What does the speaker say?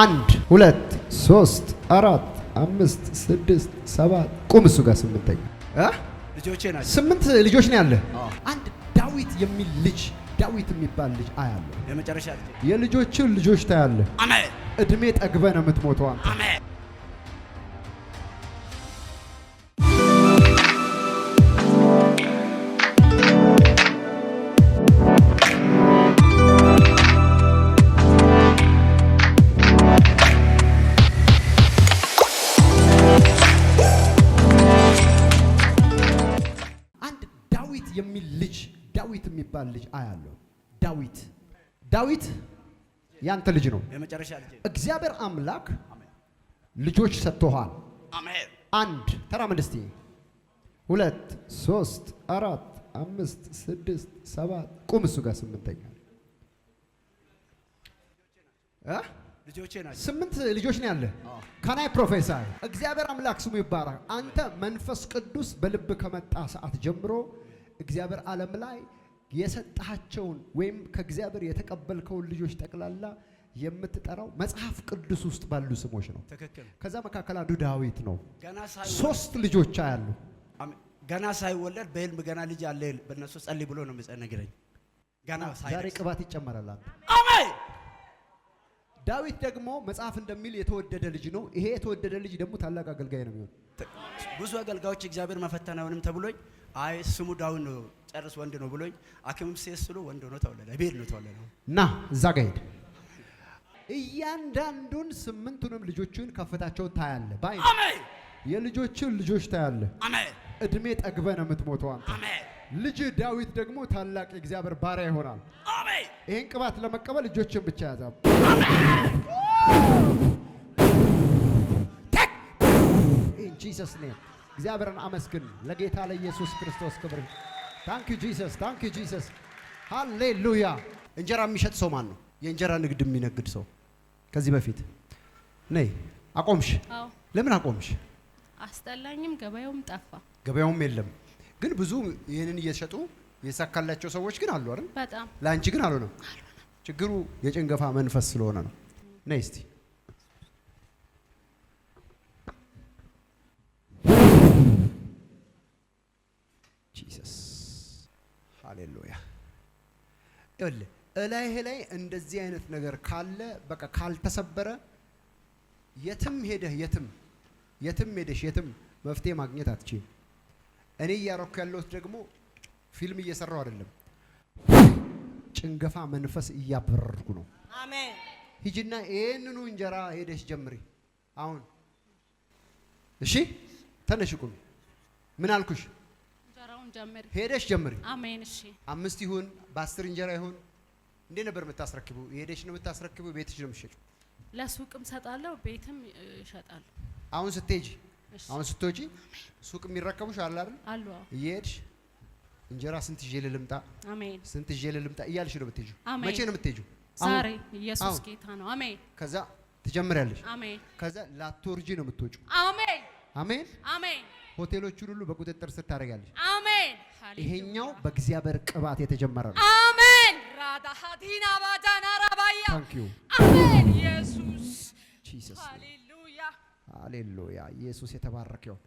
አንድ ሁለት ሶስት አራት አምስት ስድስት ሰባት ቁም እሱ ጋር ስምንተኛ ስምንት ልጆች ነው ያለ። አንድ ዳዊት የሚል ልጅ ዳዊት የሚባል ልጅ አያለ። የልጆችን ልጆች ታያለ። እድሜ ጠግበ ነው የምትሞተው አንተ የሚል ልጅ ዳዊት የሚባል ልጅ አያለሁ። ዳዊት ዳዊት ያንተ ልጅ ነው። የመጨረሻ ልጅ እግዚአብሔር አምላክ ልጆች ሰጥቶሃል። አንድ ተራ እስቲ። ሁለት ሶስት አራት አምስት ስድስት ሰባት ቁም። እሱ ጋር ስምንተኛ ስምንት ልጆች ነው ያለ። ከናይ ፕሮፌሰር እግዚአብሔር አምላክ ስሙ ይባረክ። አንተ መንፈስ ቅዱስ በልብ ከመጣ ሰዓት ጀምሮ እግዚአብሔር ዓለም ላይ የሰጣቸውን ወይም ከእግዚአብሔር የተቀበልከውን ልጆች ጠቅላላ የምትጠራው መጽሐፍ ቅዱስ ውስጥ ባሉ ስሞች ነው። ከዛ መካከል አንዱ ዳዊት ነው። ሶስት ልጆች አያሉ ገና ሳይወለድ በህልም ገና ልጅ አለ በእነሱ ጸልይ ብሎ ነው የሚነግረኝ። ገና ዛሬ ቅባት ይጨመራል። አሜን። ዳዊት ደግሞ መጽሐፍ እንደሚል የተወደደ ልጅ ነው። ይሄ የተወደደ ልጅ ደግሞ ታላቅ አገልጋይ ነው የሚሆን ብዙ አገልጋዮች እግዚአብሔር መፈተን አይሆንም ተብሎኝ፣ አይ ስሙ ዳዊት ነው ጨርስ ወንድ ነው ብሎኝ፣ አክምም ሴት ስሎ ወንድ ነው ተወለደ። ቤት ነው ተወለደ። ና እዛ ጋ ሄድ። እያንዳንዱን ስምንቱንም ልጆችን ከፍታቸውን ታያለ። ባይ የልጆችን ልጆች ታያለ። እድሜ ጠግበ ነው የምትሞተው አንተ። ልጅ ዳዊት ደግሞ ታላቅ የእግዚአብሔር ባሪያ ይሆናል። ይህን ቅባት ለመቀበል ልጆችን ብቻ ያዛ። ጂሰስ ኔም እግዚአብሔርን አመስግን። ለጌታ ለኢየሱስ ክርስቶስ ክብር። ታንክ ዩ ጂሰስ፣ ታንክ ዩ ጂሰስ። ሃሌሉያ። እንጀራ የሚሸጥ ሰው ማን ነው? የእንጀራ ንግድ የሚነግድ ሰው ከዚህ በፊት ነይ አቆምሽ። ለምን አቆምሽ? አስጠላኝም፣ ገበያውም ጠፋ፣ ገበያውም የለም። ግን ብዙ ይህንን እየሸጡ የተሳካላቸው ሰዎች ግን አሉ አይደል? በጣም ለአንቺ ግን አልሆነም። ችግሩ የጭንገፋ መንፈስ ስለሆነ ነው። ነይ እስቲ ሃሌሉያ። ይኸውልህ እላይህ ላይ እንደዚህ አይነት ነገር ካለ በቃ ካልተሰበረ የትም ሄደህ የትም የትም ሄደሽ የትም መፍትሄ ማግኘት አትች እኔ እያረኩ ያለሁት ደግሞ ፊልም እየሰራው አይደለም፣ ጭንገፋ መንፈስ እያበረርኩ ነው። አሜን። ሂጂና ይህንኑ እንጀራ ሄደሽ ጀምሪ አሁን። እሺ ተነሽ ቁሚ። ምን አልኩሽ? ሄደሽ ጀምሪ። አሜን። እሺ፣ አምስት ይሁን በአስር እንጀራ ይሁን እንዴ ነበር የምታስረክቡ? ሄደሽ ነው የምታስረክቡ? ቤትሽ ነው የምትሸጪው? ለሱቅም ሰጣለሁ፣ ቤትም እሸጣለሁ። አሁን ስትሄጂ አሁን ስትወጪ ሱቅ የሚረከቡሽ አለ አይደል? አሉ። እየሄድሽ እንጀራ ስንት ይዤ ልምጣ? አሜን። ስንት ይዤ ልምጣ እያልሽ ነው የምትሄጂው? መቼ ነው የምትሄጂው? ዛሬ ኢየሱስ ጌታ ነው። አሜን። ከዛ ትጀምሪያለሽ። አሜን። ከዛ ላቶርጂ ነው የምትወጪው። አሜን። አሜን። አሜን። ሆቴሎቹን ሁሉ በቁጥጥር ስር ታደርጊያለሽ። ይሄኛው በእግዚአብሔር ቅባት የተጀመረ ነው። አሜን ራዳ ሀዲና ባዳና ራባያ አሜን። ኢየሱስ ሃሌሉያ፣ ሃሌሉያ። ኢየሱስ የተባረከው